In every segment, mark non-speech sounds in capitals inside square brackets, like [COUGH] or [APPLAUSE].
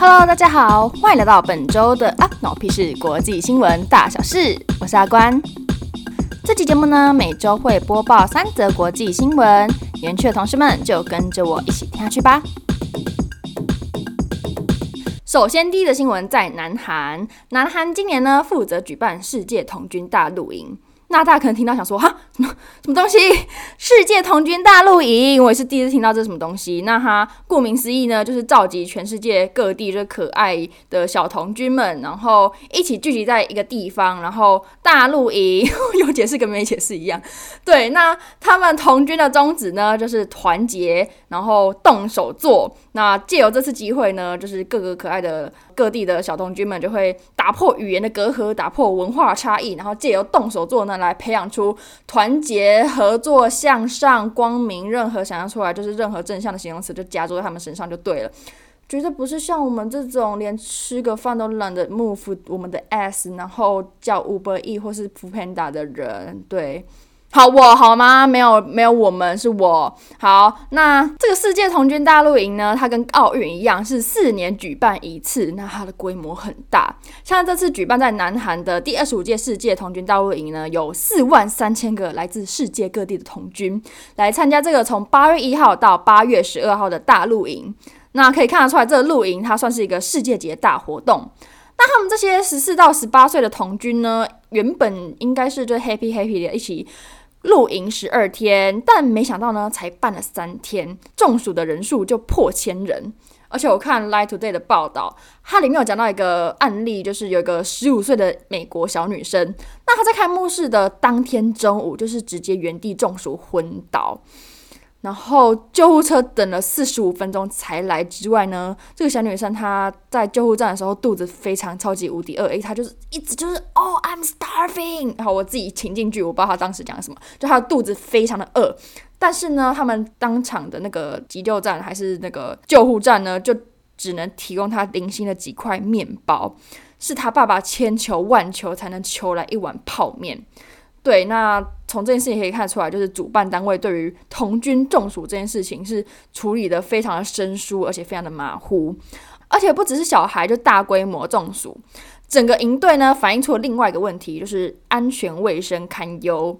Hello，大家好，歡迎來到本週的阿腦屁事國際新聞大小事，我是阿關。這期節目呢，每週會播報三則國際新聞，有興趣的同事們就跟着我一起聽下去吧。首先，第一則新聞在南韓，南韓今年呢負責舉辦世界童軍大露營，那大家可能聽到想說。什麼東西？世界童軍大露營，我也是第一次聽到這什麼東西。那它顧名思義呢，就是召集全世界各地這、就是、可愛的小童軍們，然後一起聚集在一個地方，然後大露營。 [LAUGHS] 有解釋跟沒解釋一樣。對，那他們童軍的宗旨呢，就是團結，然後動手做。那借由這次機會呢，就是各個可愛的。各地的小童軍們就會打破語言的隔閡，打破文化差異，然後借由動手做呢，來培養出團結、合作、向上、光明，任何想象出來就是任何正向的形容詞，就加注在他們身上就對了。絕對不是像我們這種連吃個飯都懶得 move 我們的 s，然後叫 Uber Eats 或是 foodpanda 的人，對。好，我好嗎？沒有，沒有，我們是我好。那這個世界童軍大露營呢，它跟奧運一樣，是四年舉辦一次。那它的規模很大，像這次舉辦在南韓的第二十五屆世界童軍大露營呢，有四萬三千個來自世界各地的童軍來參加這個從八月一號到八月十二號的大露營。那可以看得出來，這個露營它算是一個世界級的大活動。那他們這些十四到十八歲的童軍呢，原本應該是就 happy happy 的，一起。露營十二天，但沒想到呢，才辦了三天，中暑的人數就破千人。而且我看《Light Today》的報道，它裡面有講到一個案例，就是有一個十五歲的美國小女生，那她在開幕式的當天中午，就是直接原地中暑昏倒。然後救護車等了四十五分鐘才來。之外呢，這個小女生她在救護站的時候肚子非常超級無敵餓，誒，她就是一直就是，Oh，I'm starving。然後我自己情境劇，我不知道她當時講什麼，就她的肚子非常的餓。但是呢，他們當場的那個急救站還是那個救護站呢，就只能提供她零星的幾塊麵包，是她爸爸千求萬求才能求來一碗泡麵。對，那。從這件事情可以看出來，就是主辦單位對於童軍中暑這件事情是處理的非常的生疏，而且非常的馬虎，而且不只是小孩，就大規模中暑，整個營隊呢反映出了另外一個問題，就是安全衛生堪憂。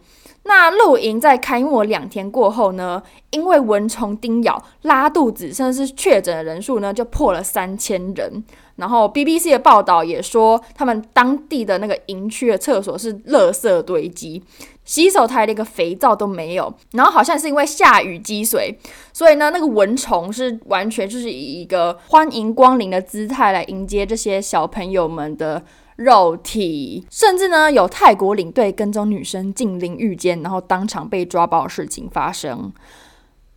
那露營在開幕的兩天過後呢，因為蚊蟲叮咬、拉肚子，甚至是確診的人數呢就破了三千人。然後 BBC 的報道也說，他們當地的那個營區的廁所是垃圾堆積，洗手台的一個肥皂都沒有。然後好像是因為下雨積水，所以呢那個蚊蟲是完全就是以一個歡迎光臨的姿態來迎接這些小朋友們的。肉體，甚至呢有泰國領隊跟蹤女生進淋浴間，然後當場被抓包的事情發生。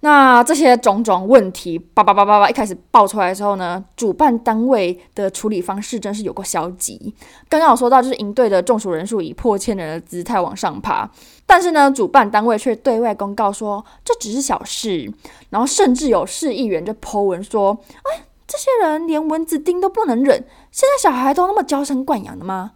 那這些種種問題，叭叭叭叭叭，一開始爆出來之後呢，主辦單位的處理方式真是有夠消極。剛剛我說到，就是營隊的中暑人數以破千人的姿態往上爬，但是呢，主辦單位卻對外公告說這只是小事，然後甚至有市議員就 Po 文說，哎。這些人連蚊子叮都不能忍，現在小孩都那麼嬌生慣養的嗎？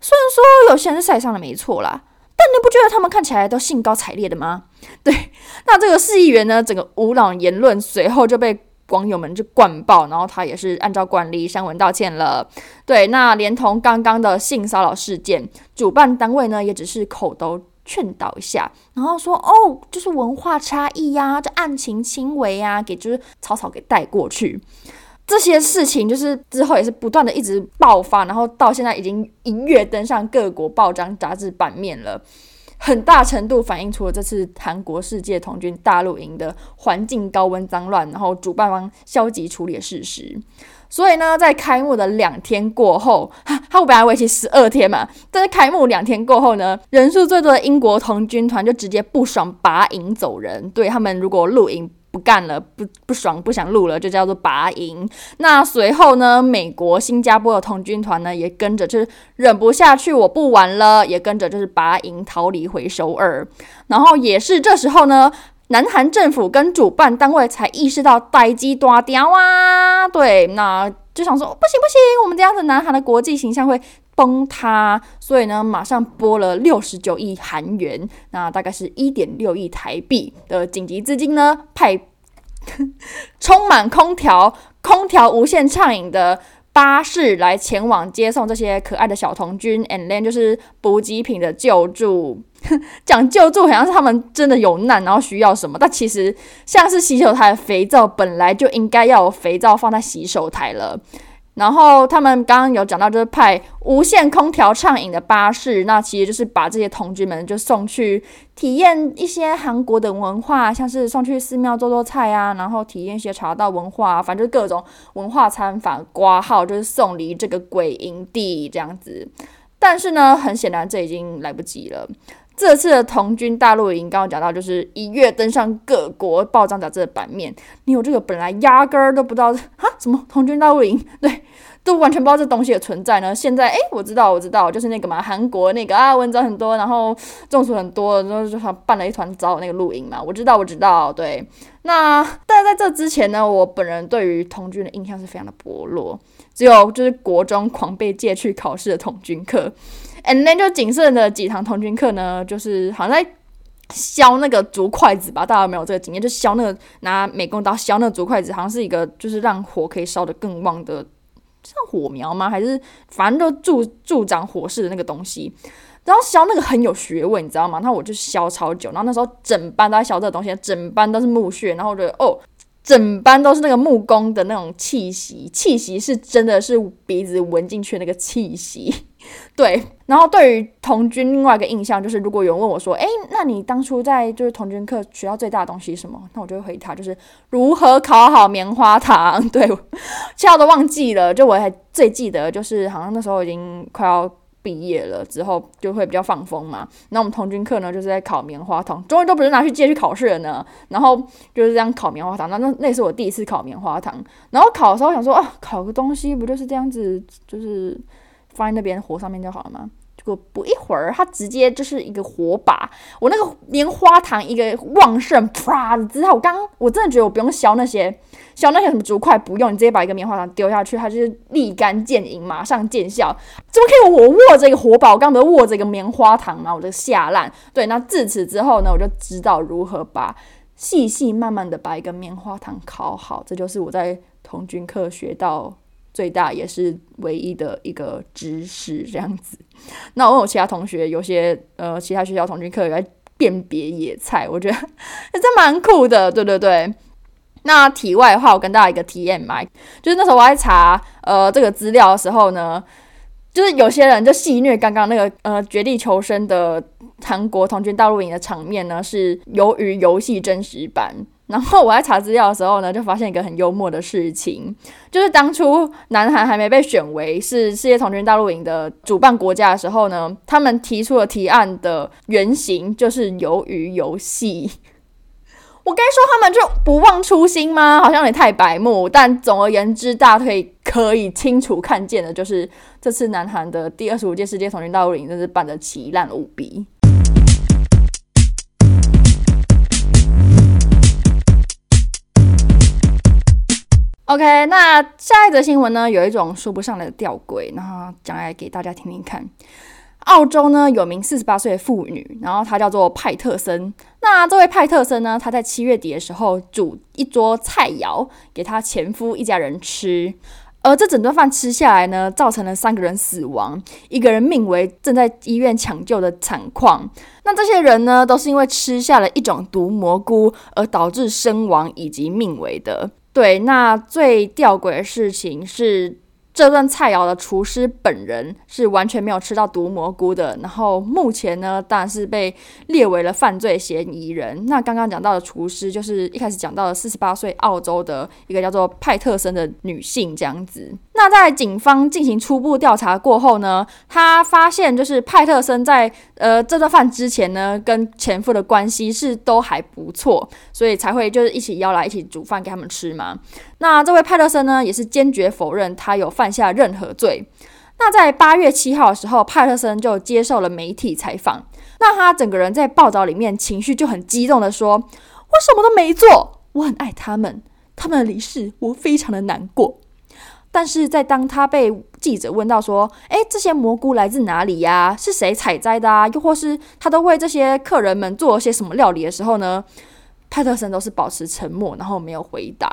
雖然說有些人是曬傷了沒錯啦，但你不覺得他們看起來都興高采烈的嗎？對，那這個市議員呢，整個無腦言論隨後就被網友們就灌爆，然後他也是按照慣例刪文道歉了。對，那連同剛剛的性騷擾事件，主辦單位呢也只是口頭勸導一下，然後說哦，就是文化差異呀、啊，這案情輕微呀、啊，給就是草草給帶過去。這些事情就是之後也是不斷的一直爆發，然後到現在已經一躍登上各國報章雜誌版面了，很大程度反映出了這次韓國世界童軍大露營的環境高溫髒亂，然後主辦方消極處理的事實。所以呢，在開幕的兩天過後，哈，我本來為期十二天嘛，但是開幕兩天過後呢，人數最多的英國童軍團就直接不爽拔營走人，對他們如果露營。不幹了，不不爽，不想錄了，就叫做拔營。那隨後呢，美國、新加坡的童軍團呢也跟着，就是忍不下去，我不玩了，也跟着就是拔營逃離回首爾。然後也是這時候呢，南韓政府跟主辦單位才意識到待機斷掉啊，對，那就想說不行不行，我們這樣子，南韓的國際形象會。崩塌，所以呢，馬上撥了六十九億韓元，那大概是一點六億台幣的緊急資金呢，派 [LAUGHS] 充滿空調、空調無限暢飲的巴士來前往接送這些可愛的小童軍，And then 就是補給品的救助， [LAUGHS] 講救助好像是他們真的有難，然後需要什麼，但其實像是洗手台的肥皂本來就應該要有肥皂放在洗手台了。然後他們剛剛有講到，就是派無限空調暢飲的巴士，那其實就是把這些童軍們就送去體驗一些韓國的文化，像是送去寺廟做做菜啊，然後體驗一些茶道文化，反正就是各種文化參訪，括號就是送離這個鬼營地這樣子。但是呢，很顯然這已經來不及了。這次的童軍大露營，剛剛講到，就是一躍登上各國報章雜誌的版面。你有這個，本來壓根兒都不知道啊，什麼童軍大露營，對，都完全不知道這東西的存在呢。現在哎，我知道，我知道，就是那個嘛，韓國那個啊，文章很多，然後中暑很多，然後就辦了一團糟那個露營嘛。我知道，我知道，對。那但在這之前呢，我本人對於童軍的印象是非常的薄弱，只有就是國中狂被借去考試的童軍課。And then 就僅剩的幾堂童軍課呢，就是好像在削那個竹筷子吧，大家有沒有這個經驗，就削那個拿美工刀削那個竹筷子，好像是一個就是讓火可以燒得更旺的，像火苗嗎？還是反正都助助長火勢的那個東西。然後削那個很有學問，你知道嗎？那我就削超久，然後那時候整班都在削這個東西，整班都是木屑，然後就哦，整班都是那個木工的那種氣息，氣息是真的是鼻子聞進去那個氣息。對，然後對於童軍另外一個印象就是，如果有人問我說：“哎，那你當初在就是童軍課學到最大的東西是什麼？”那我就會回答就是如何烤好棉花糖。對，其他都忘記了。就我還最記得就是，好像那時候已經快要畢業了，之後就會比較放風嘛。那我們童軍課呢，就是在烤棉花糖，終於都不是拿去借去考試了呢。然後就是這樣烤棉花糖，那那那是我第一次烤棉花糖。然後烤的時候我想說啊，烤個東西不就是這樣子，就是。放在那邊火上面就好了嗎？結果不一會兒，它直接就是一個火把。我那個棉花糖一個旺盛，啪！你知道我剛剛我真的覺得我不用削那些，削那些什麼竹筷不用，你直接把一個棉花糖丟下去，它就是立竿見影，馬上見效。怎麼可以？我握着一個火把，我剛不是握着一個棉花糖嘛，我就下爛。對，那自此之後呢，我就知道如何把細細慢慢的把一個棉花糖烤好。這就是我在童軍課學到最大也是唯一的一個知識這樣子，那我問我其他同學，有些呃其他學校童軍課也在辨別野菜，我覺得這蠻酷的，對對對。那題外話，我跟大家一個體驗嘛，就是那時候我還查呃這個資料的時候呢，就是有些人就戲謔剛剛那個呃絕地求生的韓國童軍大露營的場面呢，是魷魚遊戲真實版。然後我在查資料的時候呢，就發現一個很幽默的事情，就是當初南韓還沒被選為是世界童軍大露營的主辦國家的時候呢，他們提出的提案的原型就是魷魚遊戲。 [LAUGHS] 我該說他們就不忘初心嗎？好像也太白目。但總而言之，大腿可以清楚看見的，就是這次南韓的第二十五屆世界童軍大露營真是辦得奇爛無比。OK，那下一則新聞呢？有一種說不上來的吊詭，然後講來給大家聽聽看。澳洲呢，有名四十八歲的婦女，然後她叫做派特森。那這位派特森呢，她在七月底的時候煮一桌菜肴給她前夫一家人吃，而這整頓飯吃下來呢，造成了三個人死亡，一個人命危正在醫院搶救的慘況。那這些人呢，都是因為吃下了一種毒蘑菇而導致身亡以及命危的。對，那最吊詭的事情是，這段菜肴的廚師本人是完全沒有吃到毒蘑菇的。然後目前呢，當然是被列為了犯罪嫌疑人。那剛剛講到的廚師，就是一開始講到的四十八歲澳洲的一個叫做派特森的女性，這樣子。那在警方進行初步調查過後呢，他發現就是派特森在呃這頓飯之前呢，跟前夫的關係是都還不錯，所以才會就是一起邀來一起煮飯給他們吃嘛。那這位派特森呢也是堅決否認他有犯下任何罪。那在八月七號的時候，派特森就接受了媒體採訪，那他整個人在報道裡面情緒就很激動地說：“我什麼都沒做，我很愛他們，他們的離世我非常的難過。”但是在當他被記者問到說：“哎，這些蘑菇來自哪裡呀？是誰採摘的啊？又或是他都為這些客人們做了些什麼料理的時候呢？”派特森都是保持沉默，然後沒有回答。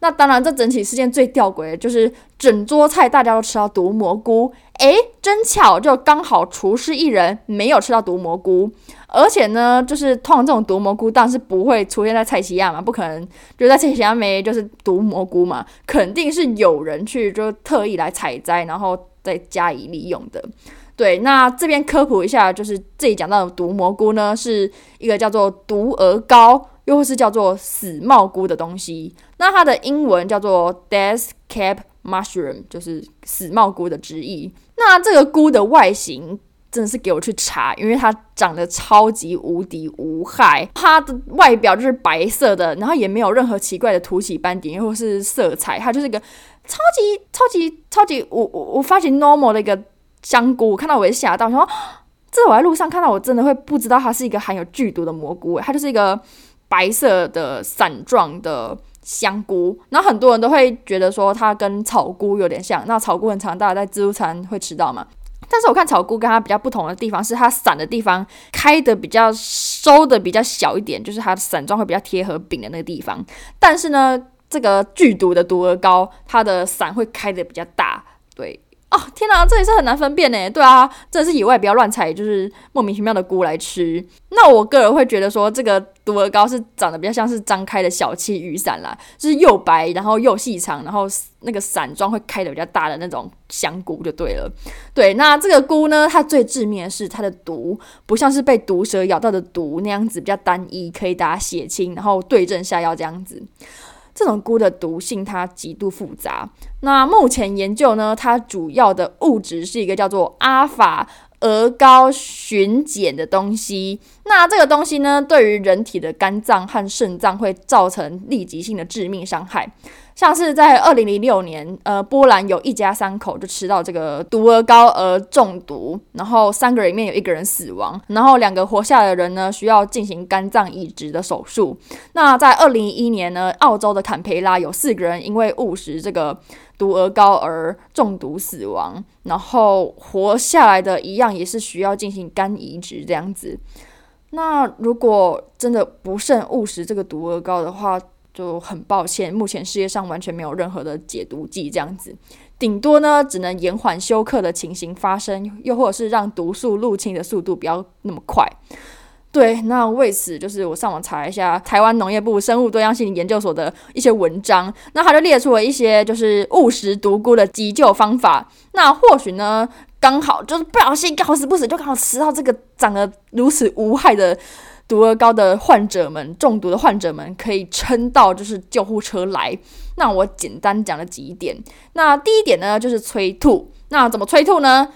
那當然，這整起事件最吊詭的就是整桌菜大家都吃到毒蘑菇，哎，真巧，就剛好廚師一人沒有吃到毒蘑菇，而且呢，就是通常這種毒蘑菇當然是不會出現在菜齊亞嘛，不可能就在菜齊亞沒就是毒蘑菇嘛，肯定是有人去就特意來採摘，然後再加以利用的。對，那這邊科普一下，就是自己講到的毒蘑菇呢，是一個叫做毒鵝膏。又或是叫做死帽菇的東西，那它的英文叫做 Death Cap Mushroom，就是死帽菇的之意。那這個菇的外形真的是給我去查，因為它長得超級無敵無害，它的外表就是白色的，然後也沒有任何奇怪的凸起斑點又或是色彩，它就是一個超級超級超級我我我發現 normal 的一個香菇，我看到我也嚇到，我想說這我在路上看到我真的會不知道它是一個含有劇毒的蘑菇，欸，它就是一個。白色的傘狀的香菇，那很多人都會覺得說它跟草菇有點像。那草菇很常大，大家在自助餐會吃到嘛？但是我看草菇跟它比較不同的地方是它傘的地方開的比較收，的比較小一點，就是它的傘狀會比較貼合柄的那個地方。但是呢，這個劇毒的毒鵝膏，它的傘會開的比較大，對。哦，天哪，這也是很難分辨呢。對啊，真的是野外不要亂採，就是莫名其妙的菇來吃。那我個人會覺得說，這個毒鵝膏是長得比較像是張開的小氣雨傘啦，就是又白，然後又細長，然後那個傘狀會開得比較大的那種香菇就對了。對，那這個菇呢，它最致命的是它的毒，不像是被毒蛇咬到的毒那樣子比較單一，可以打血清，然後對症下藥這樣子。這種菇的毒性，它極度複雜，那目前研究呢，它主要的物質是一個叫做阿法鵝膏蕈鹼的東西。那這個東西呢，對於人體的肝臟和腎臟會造成立即性的致命傷害。像是在二零零六年，呃，波蘭有一家三口就吃到這個毒鵝膏而中毒，然後三個人裡面有一個人死亡，然後兩個活下來的人呢，需要進行肝臟移植的手術。那在二零一一年呢，澳洲的坎培拉有四個人因為誤食這個毒鵝膏而中毒死亡，然後活下來的一樣也是需要進行肝移植這樣子。那如果真的不慎誤食這個毒鵝膏的話，就很抱歉，目前世界上完全沒有任何的解毒劑，這樣子，頂多呢只能延緩休克的情形發生，又或者是讓毒素入侵的速度不要那麼快。對，那為此就是我上網查一下台灣農業部生物多樣性研究所的一些文章，那他就列出了一些就是誤食毒菇的急救方法。那或許呢剛好就是不小心好死不死就剛好吃到這個長得如此無害的。毒鵝膏的患者們，中毒的患者們可以撐到就是救護車來。那我簡單講了幾點。那第一點呢，就是催吐。那怎麼催吐呢？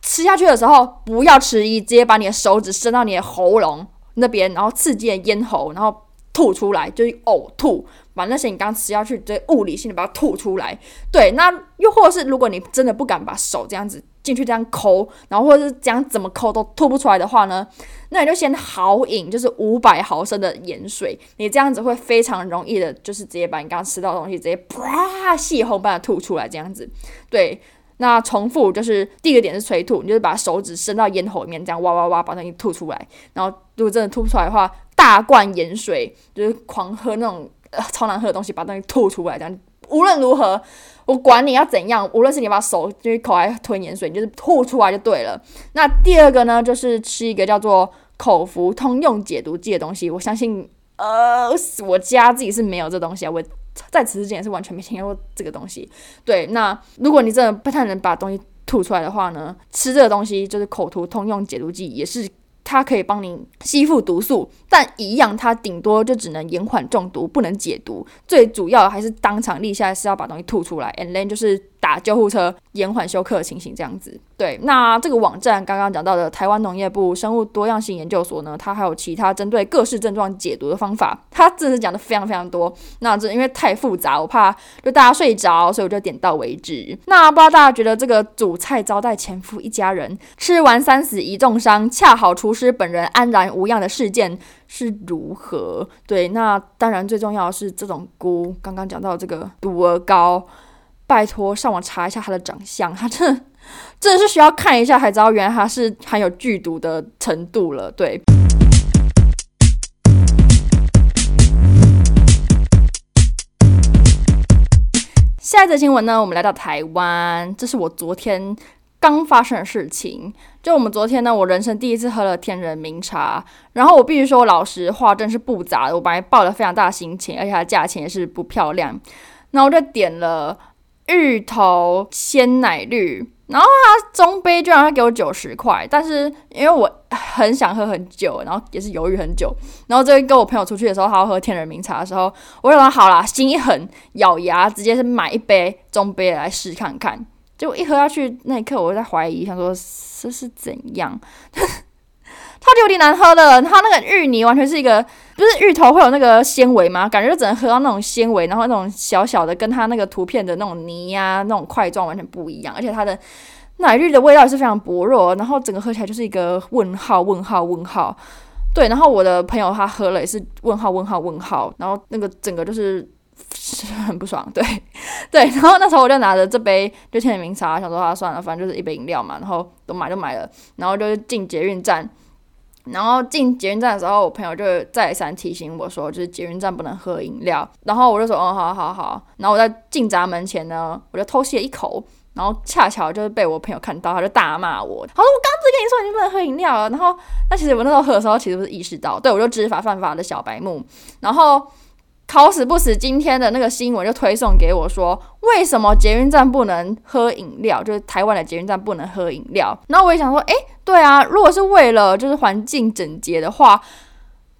吃下去的時候不要遲疑，直接把你的手指伸到你的喉嚨那邊，然後刺激你的咽喉，然後。吐出來就是嘔、哦、吐，把那些你剛吃下去的物理性的把它吐出來。對，那又或者是如果你真的不敢把手這樣子進去這樣摳，然後或者是這樣怎麼摳都吐不出來的話呢，那你就先好飲，就是五百毫升的鹽水，你這樣子會非常容易的，就是直接把你剛剛吃到的東西直接啪，洩洪般，把它吐出來這樣子。對，那重複就是第一個點是催吐，你就是把手指伸到咽喉裡面，這樣哇哇哇把東西吐出來。然後如果真的吐不出來的話。大罐鹽水就是狂喝那種呃，超難喝的東西，把東西吐出來這樣。無論如何，我管你要怎樣，無論是你把手就是口還吞鹽水，你就是吐出來就對了。那第二個呢，就是吃一個叫做口服通用解毒劑的東西。我相信，呃，我家自己是沒有這東西啊。我在此之前也是完全沒聽過這個東西。對，那如果你真的不太能把東西吐出來的話呢，吃這個東西就是口服通用解毒劑也是，它可以幫您吸附毒素，但一樣，它頂多就只能延緩中毒，不能解毒。最主要還是當場立下是要把東西吐出來，and then 就是。打救護車延緩休克的情形這樣子，對。那這個網站剛剛講到的台灣農業部生物多樣性研究所呢，它還有其他針對各式症狀解毒的方法，它真的是講的非常非常多。那這因為太複雜，我怕就大家睡着，所以我就點到為止。那不知道大家覺得這個主菜招待前夫一家人，吃完三死一重傷，恰好廚師本人安然無恙的事件是如何？對，那當然最重要的是這種菇，剛剛講到這個毒鵝膏。拜託，上網查一下他的長相，他真的真的是需要看一下才知道原來他是含有劇毒的程度了。對， [MUSIC] 下一則新聞呢，我們來到台灣，這是我昨天剛發生的事情。就我們昨天呢，我人生第一次喝了天人茗茶，然後我必須說老實話，真是不咋的。我本來抱了非常大的心情，而且它的價錢也是不漂亮。然後那我就點了。芋頭鮮奶綠，然後它中杯居然他給我九十塊，但是因為我很想喝很久，然後也是猶豫很久，然後這跟我朋友出去的時候，他要喝天仁茗茶的時候，我就說：「好啦，心一狠，咬牙直接是買一杯中杯來試看看。結果一喝下去那一刻，我就在懷疑，想說這是怎樣？ [LAUGHS] 它就有點難喝的，它那個芋泥完全是一個，就是芋頭會有那個纖維嘛？感覺就只能喝到那種纖維，然後那種小小的，跟它那個圖片的那種泥呀、啊、那種塊狀完全不一樣。而且它的奶綠的味道也是非常薄弱，然後整個喝起來就是一個問號、問號、問號。對，然後我的朋友他喝了也是問號、問號、問號，然後那個整個就是，是很不爽。對，對，然後那時候我就拿着這杯就天名茶，想說他算了，反正就是一杯飲料嘛，然後都買就買了，然後就是進捷運站。然後進捷運站的時候，我朋友就再三提醒我說，就是捷運站不能喝飲料。然後我就說，哦、嗯，好，好，好。然後我在進閘門前呢，我就偷吸了一口。然後恰巧就是被我朋友看到，他就大罵我，他說我剛子跟你說，你不能喝飲料啊。然後那其實我那時候喝的時候，其實不是意識到，對我就知法犯法的小白目。然後好死不死，今天的那個新聞就推送給我說，為什麼捷運站不能喝飲料？就是台灣的捷運站不能喝飲料。然後我也想說，誒對啊，如果是為了就是環境整潔的話，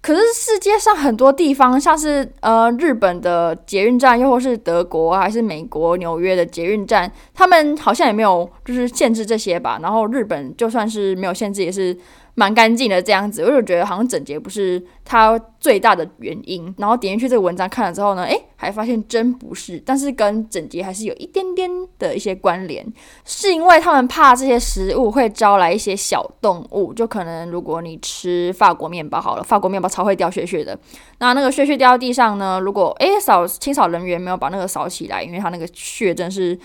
可是世界上很多地方，像是呃日本的捷運站，又或是德國還是美國紐約的捷運站，他們好像也沒有就是限制這些吧。然後日本就算是沒有限制，也是。蠻乾淨的這樣子，我就覺得好像整潔不是它最大的原因。然後點進去這個文章看了之後呢，誒、欸，還發現真不是，但是跟整潔還是有一點點的一些關聯，是因為他們怕這些食物會招來一些小動物，就可能如果你吃法國麵包好了，法國麵包超會掉屑屑的，那那個屑屑掉到地上呢，如果誒掃、欸、清掃人員沒有把那個掃起來，因為它那個屑真是。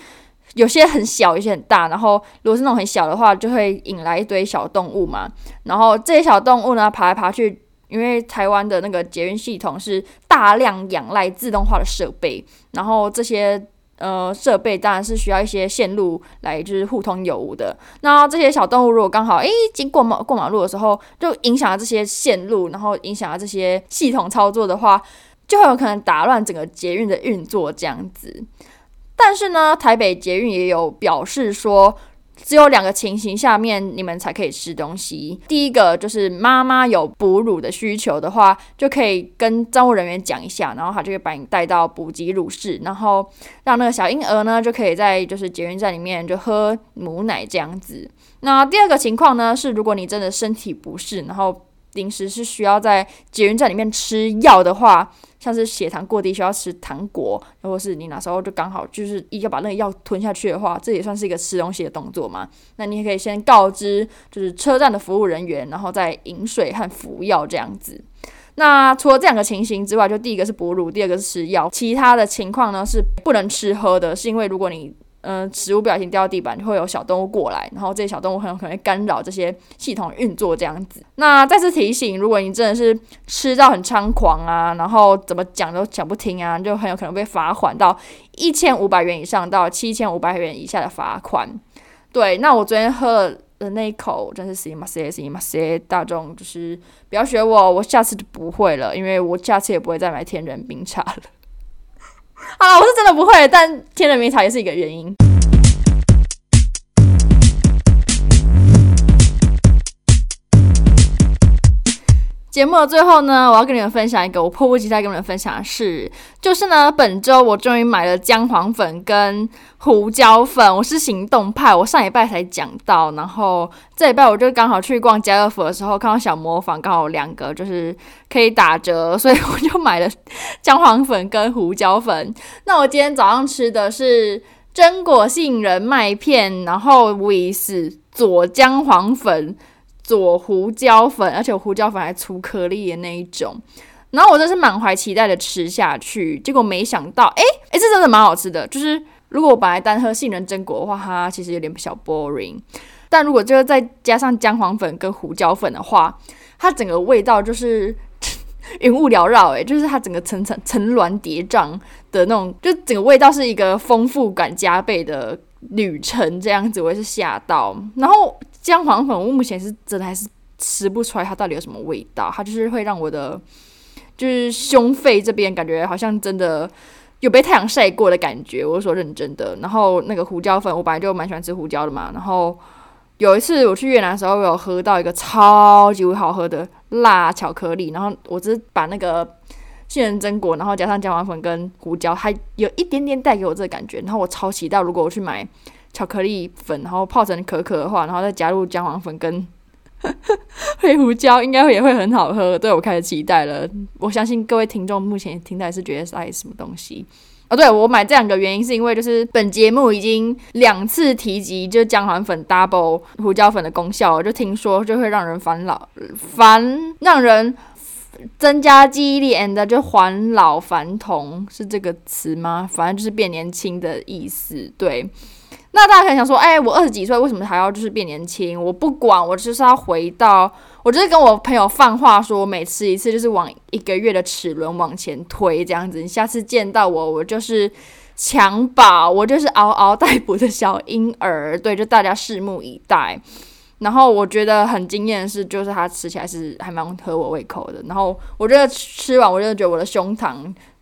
有些很小，有些很大。然後如果是那種很小的話，就會引來一堆小動物嘛。然後這些小動物呢，爬來爬去，因為台灣的那個捷運系統是大量仰賴自動化的設備，然後這些呃設備當然是需要一些線路來就是互通有無的。那這些小動物如果剛好哎經過馬過馬路的時候，就影響了這些線路，然後影響了這些系統操作的話，就很有可能打亂整個捷運的運作這樣子。但是呢，台北捷運也有表示說，只有兩個情形下面你們才可以吃東西。第一個就是媽媽有哺乳的需求的話，就可以跟站務人員講一下，然後他就會把你帶到哺集乳室，然後讓那個小嬰兒呢就可以在就是捷運站裡面就喝母奶這樣子。那第二個情況呢是，如果你真的身體不適，然後臨時是需要在捷運站裡面吃藥的話，像是血糖過低需要吃糖果，或是你那時候就剛好就是一要把那個藥吞下去的話，這也算是一個吃東西的動作嘛。那你也可以先告知就是車站的服務人員，然後再飲水和服藥這樣子。那除了這兩個情形之外，就第一個是哺乳，第二個是吃藥，其他的情況呢是不能吃喝的，是因為如果你嗯，食物不小心掉到地板，就會有小動物過來，然後這些小動物很有可能會干擾這些系統運作這樣子。那再次提醒，如果你真的是吃到很猖狂啊，然後怎麼講都講不聽啊，就很有可能會被罰款到一千五百元以上到七千五百元以下的罰款。對，那我昨天喝了的那一口真是失智，失智，失智。大眾就是不要學我，我下次就不會了，因為我下次也不會再買天然冰茶了。 [LAUGHS] 啊，我是真的不會，但天人迷彩也是一個原因。節目的最後呢，我要跟你們分享一個我迫不及待跟你們分享的事，就是呢，本周我終於買了薑黃粉跟胡椒粉。我是行動派，我上禮拜才講到，然後這禮拜我就剛好去逛家樂福的時候，看到小磨坊剛好兩個就是可以打折，所以我就買了薑黃粉跟胡椒粉。那我今天早上吃的是榛果杏仁麥片，然後喂是佐薑黃粉，左胡椒粉，而且胡椒粉還粗顆粒的那一種。然後我真是滿懷期待的吃下去，結果沒想到，誒、欸、誒、欸，這真的蠻好吃的。就是如果我本來單喝杏仁榛果的話，它其實有點小 boring。但如果就再加上薑黃粉跟胡椒粉的話，它整個味道就是雲霧繚繞，誒，就是它整個層層層巒疊嶂的那種，就整個味道是一個豐富感加倍的。旅程這樣子，我也是嚇到。然後薑黃粉，我目前是真的還是吃不出來它到底有什麼味道，它就是會讓我的就是胸肺這邊感覺好像真的有被太陽曬過的感覺。我是說認真的。然後那個胡椒粉，我本來就蠻喜歡吃胡椒的嘛。然後有一次我去越南的時候，我有喝到一個超級好喝的辣巧克力，然後我只是把那個。杏仁榛果，然後加上薑黃粉跟胡椒，還有一點點帶給我這個感覺。然後我超期待，如果我去買巧克力粉，然後泡成可可的話，然後再加入薑黃粉跟 [LAUGHS] 黑胡椒，應該也會很好喝。對，我開始期待了。我相信各位聽眾目前聽到的是覺得是愛什麼東西。哦，對，我買這兩個原因是因為，就是本節目已經兩次提及，就是薑黃粉、double 胡椒粉的功效，我就聽說就會讓人煩老煩讓人。增加記憶力，and 就返老還童是這個詞嗎？反正就是變年輕的意思。對，那大家可能想說，哎、欸，我二十幾歲，為什麼還要就是變年輕？我不管，我就是要回到，我就是跟我朋友放話說，我每吃一次就是往一個月的齒輪往前推，這樣子。你下次見到我，我就是襁褓，我就是嗷嗷待哺的小嬰兒。對，就大家拭目以待。然後我覺得很驚艷的是，就是它吃起來是還蠻合我胃口的。然後我覺得吃完，我就覺得我的胸膛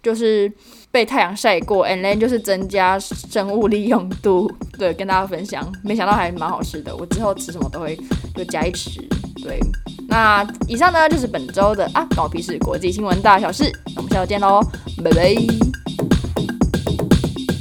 就是被太陽曬過，and then 就是增加生物利用度。對，跟大家分享，沒想到還蠻好吃的。我之後吃什麼都會就加一吃。對，那以上呢就是本週的啊，寶皮氏國際新聞大小事。那我們下週見嘍，拜拜。